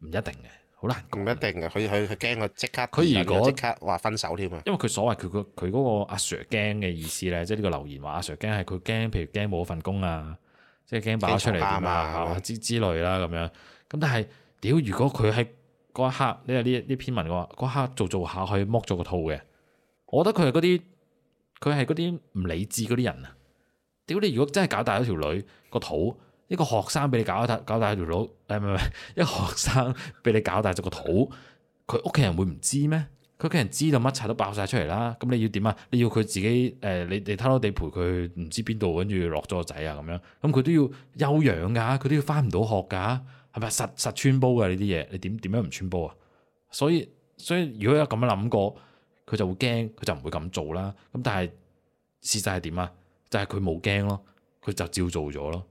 一定嘅，好難講，咁一定嘅，佢佢佢驚佢即刻，佢如果即刻話分手添啊。因為佢所謂佢佢佢嗰個阿 Sir 驚嘅意思咧，即係呢個留言話阿 Sir 驚係佢驚，譬如驚冇份工啊，即係驚爆出嚟啊，之之類啦咁樣。咁嗎但係屌，如果佢喺嗰一刻，呢個呢呢篇文嘅話，嗰刻做做下去剝咗個套嘅，我覺得佢係嗰啲，佢係嗰啲唔理智嗰啲人啊。屌你，如果真係搞大咗條女個肚。一個學生俾你搞大搞大條腦，誒唔係唔係，一個學生俾你搞大咗個肚，佢屋企人會唔知咩？佢屋企人知道乜柒都爆晒出嚟啦。咁你要點啊？你要佢自己誒、呃，你你偷偷地陪佢唔知邊度，跟住落咗個仔啊，咁樣咁佢都要休養噶，佢都要翻唔到學噶，係咪實實穿煲噶呢啲嘢？你點點樣唔穿煲啊？所以所以，如果有咁樣諗過，佢就會驚，佢就唔會咁做啦。咁但係事實係點啊？就係佢冇驚咯，佢就照做咗咯。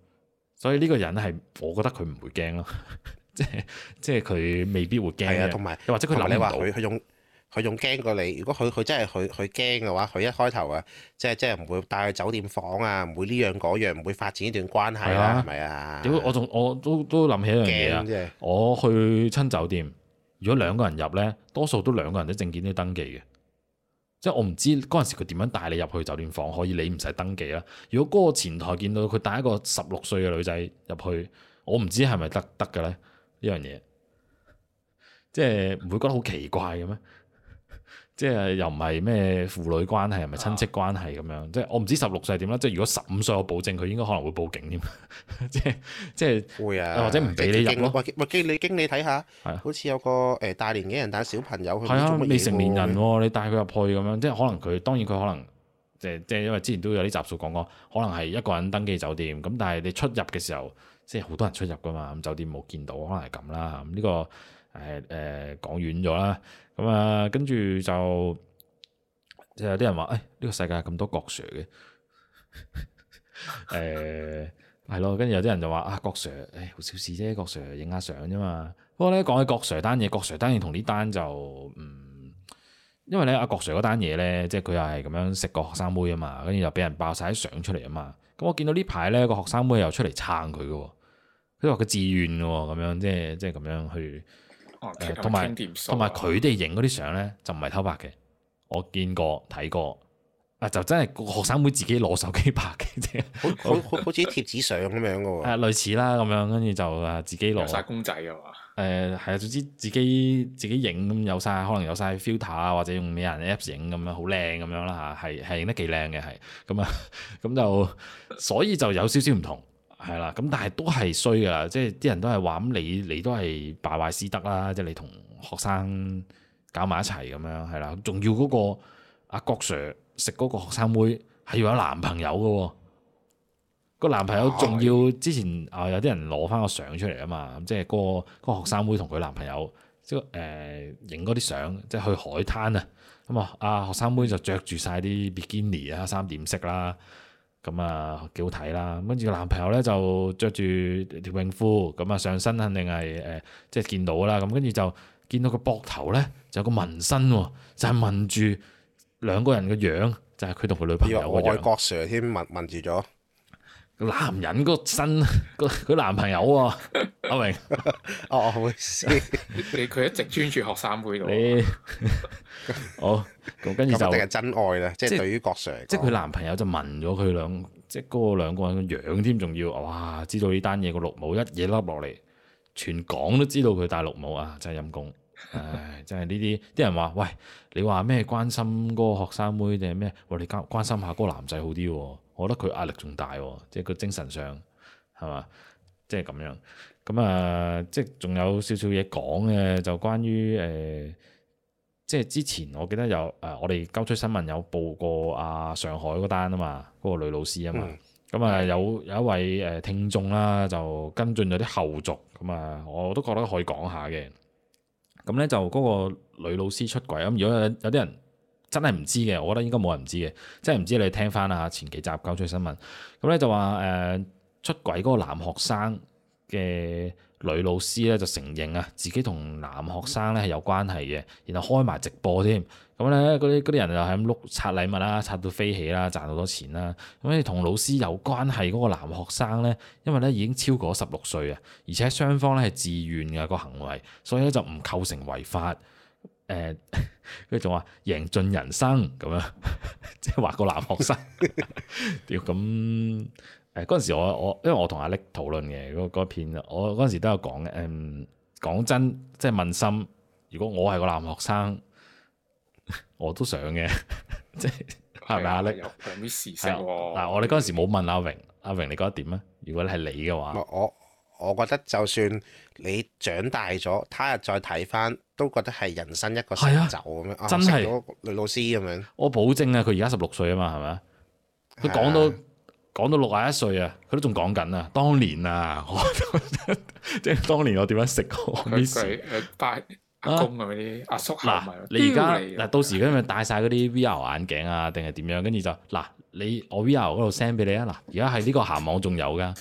所以呢個人咧係，我覺得佢唔會驚咯， 即係即係佢未必會驚。係啊，同埋或者佢諗你話佢佢仲佢仲驚過你。如果佢佢真係佢佢驚嘅話，佢一開頭啊、即係，即係即係唔會帶去酒店房啊，唔會呢樣嗰樣，唔會發展呢段關係啦，係咪啊？點、啊啊、我仲我都我都諗起一樣嘢啊！我去親酒店，如果兩個人入咧，多數都兩個人都證件都登記嘅。即係我唔知嗰陣時佢點樣帶你入去酒店房，可以你唔使登記啦。如果嗰個前台見到佢帶一個十六歲嘅女仔入去，我唔知係咪得得嘅咧呢樣嘢，即係唔會覺得好奇怪嘅咩？即係又唔係咩父女關係，又唔係親戚關係咁、哦、樣。即係我唔知十六歲係點啦。即係如果十五歲，我保證佢應該可能會報警添。 即係即係會啊，或者唔俾你入咯。喂喂，經理經理睇下，是啊、好似有個誒大年紀人帶小朋友去，係啊，未成年人喎、啊，你帶佢入去咁樣，即係可能佢當然佢可能誒即係因為之前都有啲集數講過，可能係一個人登記酒店咁，但係你出入嘅時候即係好多人出入噶嘛，咁酒店冇見到，可能係咁啦。咁、這、呢個誒誒、呃、講遠咗啦。咁啊，跟住、嗯、就即係有啲人話，誒呢、這個世界咁多郭 Sir 嘅，誒 係、欸、 咯，跟住有啲人就話啊郭 Sir，誒好小事啫，郭 Sir 影下相啫嘛。不過咧，講起郭 Sir 單嘢，郭 Sir 單嘢同呢單就，嗯，因為咧阿郭 Sir 嗰單嘢咧，即係佢又係咁樣食個學生妹啊嘛，跟住又俾人爆晒啲相出嚟啊嘛。咁我見到呢排咧個學生妹又出嚟撐佢噶，佢話佢自願噶，咁樣即係即係咁樣去。同埋同埋佢哋影嗰啲相咧就唔係偷拍嘅，我見過睇過，啊就真係學生會自己攞手機拍嘅， 好好好似貼紙相咁樣噶喎。係、嗯、類似啦咁樣，跟住就啊自己攞。有晒公仔啊嘛？誒係、嗯、啊，總之自己自己影咁有晒，可能有晒 filter 啊，或者用咩人 apps 影咁樣，好靚咁樣啦吓，係係影得幾靚嘅係，咁啊咁就所以就有少少唔同。係啦，咁但係都係衰噶，即係啲人都係話咁你你都係敗壞師德啦，即係你同學生搞埋一齊咁樣，係啦。仲要嗰個阿郭 Sir 食嗰個學生妹，係要有男朋友噶，個男朋友仲要的之前啊、呃、有啲人攞翻個相出嚟啊嘛，即係嗰、嗰個嗰、嗰個、學生妹同佢男朋友即係呃影嗰啲相，即係去海灘、嗯、啊，咁啊阿學生妹就着住晒啲 Bikini 啊，三點式啦。咁啊，幾好睇啦！跟住個男朋友咧就着住條泳褲，咁啊上身肯定係誒、呃、即係見到啦。咁跟住就見到個膊頭咧就有個紋身、啊，就係、是、紋住兩個人嘅樣，就係佢同佢女朋友嘅樣。而家外國 Sir 添紋紋住咗。男人嗰身，個佢男朋友啊，阿榮，哦， 好，你佢一直專注學生妹度，你，好，咁跟住就，咁定係真愛啦，即係對於郭 Sir，即係佢男朋友就問咗佢兩，即係個兩個人嘅樣添，仲要，哇，知道呢單嘢個綠帽一嘢笠落嚟，全港都知道佢戴綠帽啊，真係陰公，唉，真係呢啲，啲人話，喂，你話咩關心嗰個學生妹定係咩，喂、啊，你關關心下嗰個男仔好啲。我覺得佢壓力仲大喎，即係個精神上係嘛、就是呃，即係咁樣。咁啊，即係仲有少少嘢講嘅，就關於誒、呃，即係之前我記得有誒、呃，我哋交出新聞有報過啊上海嗰單啊嘛，嗰、嗰個女老師啊嘛。咁啊、嗯，有有一位誒聽眾啦，就跟進咗啲後續。咁啊，我都覺得可以講下嘅。咁咧就嗰個女老師出軌咁，如果有有啲人，真係唔知嘅，我覺得應該冇人唔知嘅，真係唔知，你聽翻啊前幾集交出新聞，咁咧就話誒、呃、出軌嗰個男學生嘅女老師咧就承認啊自己同男學生咧係有關係嘅，然後開埋直播添，咁咧嗰啲啲人就係咁碌刷禮物啦，刷到飛起啦，賺好多錢啦，咁你同老師有關係嗰個男學生咧，因為咧已經超過十六歲啊，而且雙方咧係自願嘅、那個行為，所以咧就唔構成違法。誒，佢仲話贏盡人生咁樣，即係話個男學生，屌咁誒，嗰陣時我我，因為我同阿力討論嘅嗰片，我嗰陣時都有講嘅，嗯，講真，即係問心，如果我係個男學生，我都想嘅，即係係咪阿力？嗱，我哋嗰陣時冇問阿榮，阿榮你覺得點咧？如果你係你嘅話，嗯、我。我覺得就算你長大咗，他日再睇翻都覺得係人生一個成就咁樣啊，成女、啊、的老師咁樣。我保證啊，佢而家十六歲啊嘛，係咪？佢講到講、啊、到六廿一歲啊，佢都仲講緊啊。當年啊，即係 當年我點樣食過 miss 帶阿公咁嗰啲阿叔。嗱，你而家嗱到時咁咪戴晒嗰啲 VR 眼鏡啊，定係點樣跟住就嗱？啊啊你我 VR 嗰度 send 俾你啊！嗱，而家喺呢個鹹網仲有噶，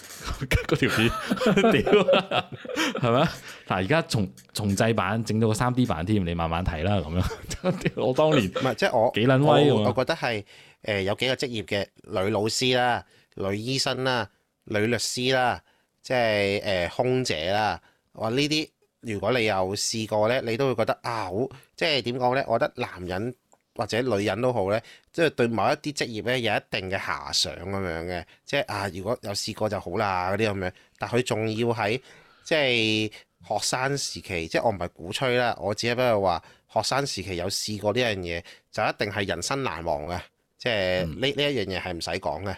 嗰條片，屌， 係咪啊？嗱，而家重重製版整到個 3D 版添，你慢慢睇啦咁樣。 我當年唔係即係我幾撚威啊！我覺得係誒、呃、有幾個職業嘅女老師啦、女醫生啦、女律師啦、即係誒空姐啦，我呢啲如果你有試過咧，你都會覺得啊好，即係點講咧？我覺得男人。或者女人都好咧，即係對某一啲職業咧有一定嘅遐想咁樣嘅，即係啊，如果有試過就好啦，嗰啲咁樣。但佢仲要喺即係學生時期，即係我唔係鼓吹啦，我只係不過話學生時期有試過呢樣嘢，就一定係人生難忘嘅，即係呢呢一樣嘢係唔使講嘅。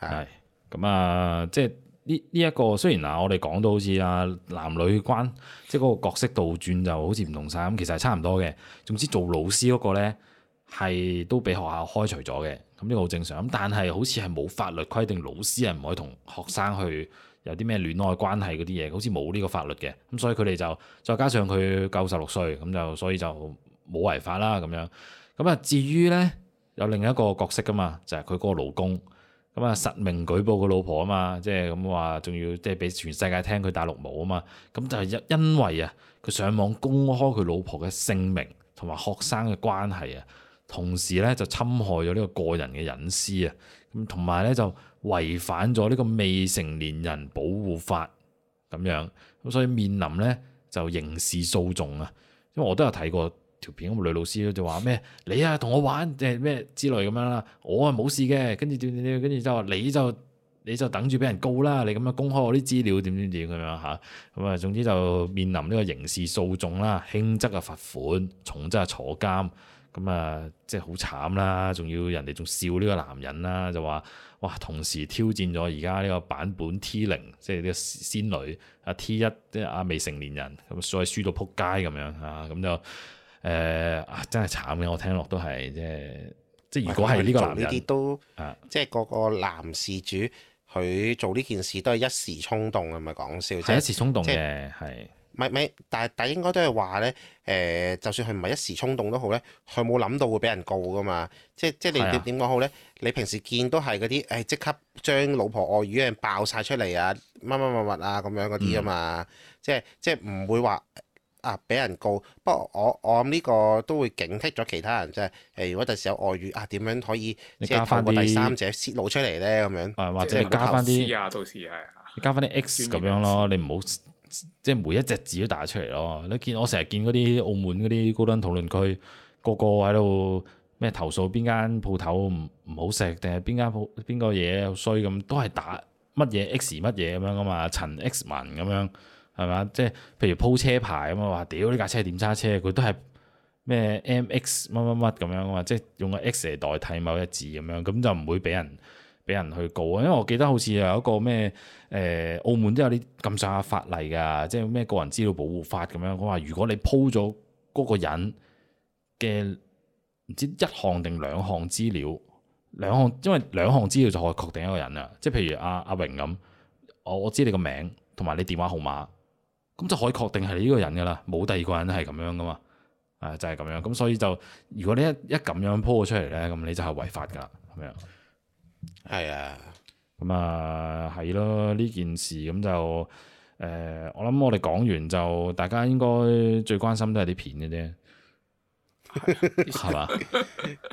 係咁啊，即係呢呢一個雖然啊，我哋講到好似啊男女關，即係嗰個角色倒轉就好似唔同晒，咁，其實係差唔多嘅。總之做老師嗰個咧。係都俾學校開除咗嘅，咁呢個好正常。咁但係好似係冇法律規定老師係唔可以同學生去有啲咩戀愛關係嗰啲嘢，好似冇呢個法律嘅。咁所以佢哋就再加上佢夠十六歲，咁就所以就冇違法啦咁樣。咁啊，至於咧有另一個角色噶嘛，就係佢嗰個老公，咁啊實名舉報佢老婆啊嘛，即係咁話仲要即係俾全世界聽佢戴綠帽啊嘛。咁就係、是、因因為啊，佢上網公開佢老婆嘅姓名同埋學生嘅關係啊。同時咧就侵害咗呢個個人嘅隱私啊，咁同埋咧就違反咗呢個未成年人保護法咁樣，咁所以面臨咧就刑事訴訟啊，因為我都有睇過條片咁女老師咧就話咩你啊同我玩誒咩之類咁樣啦，我係冇事嘅，跟住點點跟住就話你就你就等住俾人告啦，你咁樣公開我啲資料點點點咁樣嚇，咁啊總之就面臨呢個刑事訴訟啦，輕則啊罰款，重則係坐監。咁啊、嗯，即係好慘啦！仲要人哋仲笑呢個男人啦，就話哇，同時挑戰咗而家呢個版本 T 零，即係呢個仙女啊 T 一即係啊未成年人咁，所以輸到撲街咁樣啊！咁就誒、呃、啊，真係慘嘅，我聽落都係即係即係，即係如果係呢個男人做呢啲都、啊、即係個個男事主佢做呢件事都係一時衝動，唔係講笑，係一時衝動嘅，係是。咪咪，但係但係應該都係話咧，誒、呃，就算佢唔係一時衝動都好咧，佢冇諗到會俾人告㗎嘛，即即係你點講好咧？是的 你平時見都係嗰啲誒，即刻將老婆外遇啊爆晒出嚟啊，乜乜乜乜啊咁樣嗰啲啊嘛，即係即係唔會話啊俾人告。不過我我諗呢個都會警惕咗其他人，即係誒，如果第時有外遇啊，點樣可以即係透過第三者泄露出嚟咧咁樣。或者你加翻啲，你加翻啲 X 咁樣咯，是你唔好。即係每一隻字都打出嚟咯，你見我成日見嗰啲澳門嗰啲高登討論區，個個喺度咩投訴邊間鋪頭唔唔好食，定係邊間鋪邊個嘢衰咁，都係打乜嘢 X 乜嘢咁樣噶嘛，陳 X 文咁樣係嘛？即係譬如鋪車牌咁啊，話屌呢架車係點揸車，佢都係咩 MX 乜乜乜咁樣啊嘛，即係用個 X 嚟代替某一字咁樣，咁就唔會俾人。俾人去告啊！因為我記得好似有一個咩誒、呃，澳門都有啲咁上下法例㗎，即係咩個人資料保護法咁樣佢話。如果你 po 咗嗰個人嘅唔知一項定兩項資料，兩項因為兩項資料就可以確定一個人啦。即係譬如阿阿榮咁，我我知你個名同埋你電話號碼，咁就可以確定係你呢個人㗎啦。冇第二個人係咁樣噶嘛，啊就係、是、咁樣。咁所以就如果你一一咁樣 po 咗出嚟咧，咁你就係違法㗎咁樣。係啊，咁 啊係咯，呢件事咁就誒，我諗我哋講完就大家應該最關心都係啲片嘅啫，係嘛？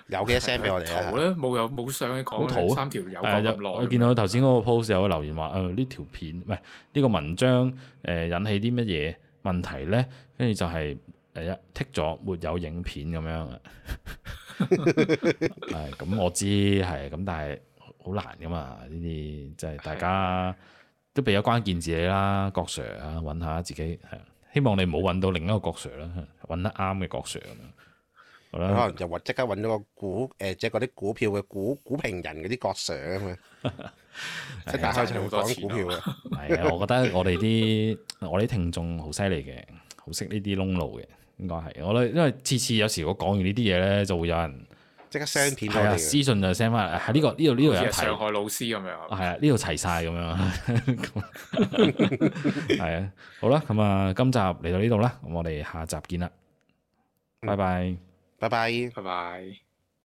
有幾多聲俾我哋啊？好咧，冇有冇上去講三條友咁耐。我見到頭先嗰個 post 有個留言話誒呢條片唔係呢個文章誒、呃、引起啲乜嘢問題咧，跟住就係誒剔咗沒有影片咁樣啊。係 咁、嗯，我知係咁，但係。但好難噶嘛！呢啲即係大家的都俾咗關鍵字啦郭 Sir 啊，揾下自己，係希望你唔好揾到另一個郭、啊啊、Sir 啦，揾得啱嘅郭 Sir 咁樣。佢可能就即刻揾咗個股，誒即係嗰啲股票嘅股股評人嗰啲郭 Sir 啊嘛，即係打開出好 多錢。係 啊，我覺得我哋啲我哋啲聽眾好犀利嘅，好識呢啲窿路嘅，應該係我咧，因為次次有時我講完呢啲嘢咧，就會有人。即刻相片係啊，私信就 send 翻嚟。喺呢、嗯啊這個呢度呢度有。上海老師咁樣。係啊，呢度齊晒咁樣。係啊， 好啦，咁啊，今集嚟到呢度啦，咁我哋下集見啦，嗯、拜拜，拜拜，拜拜。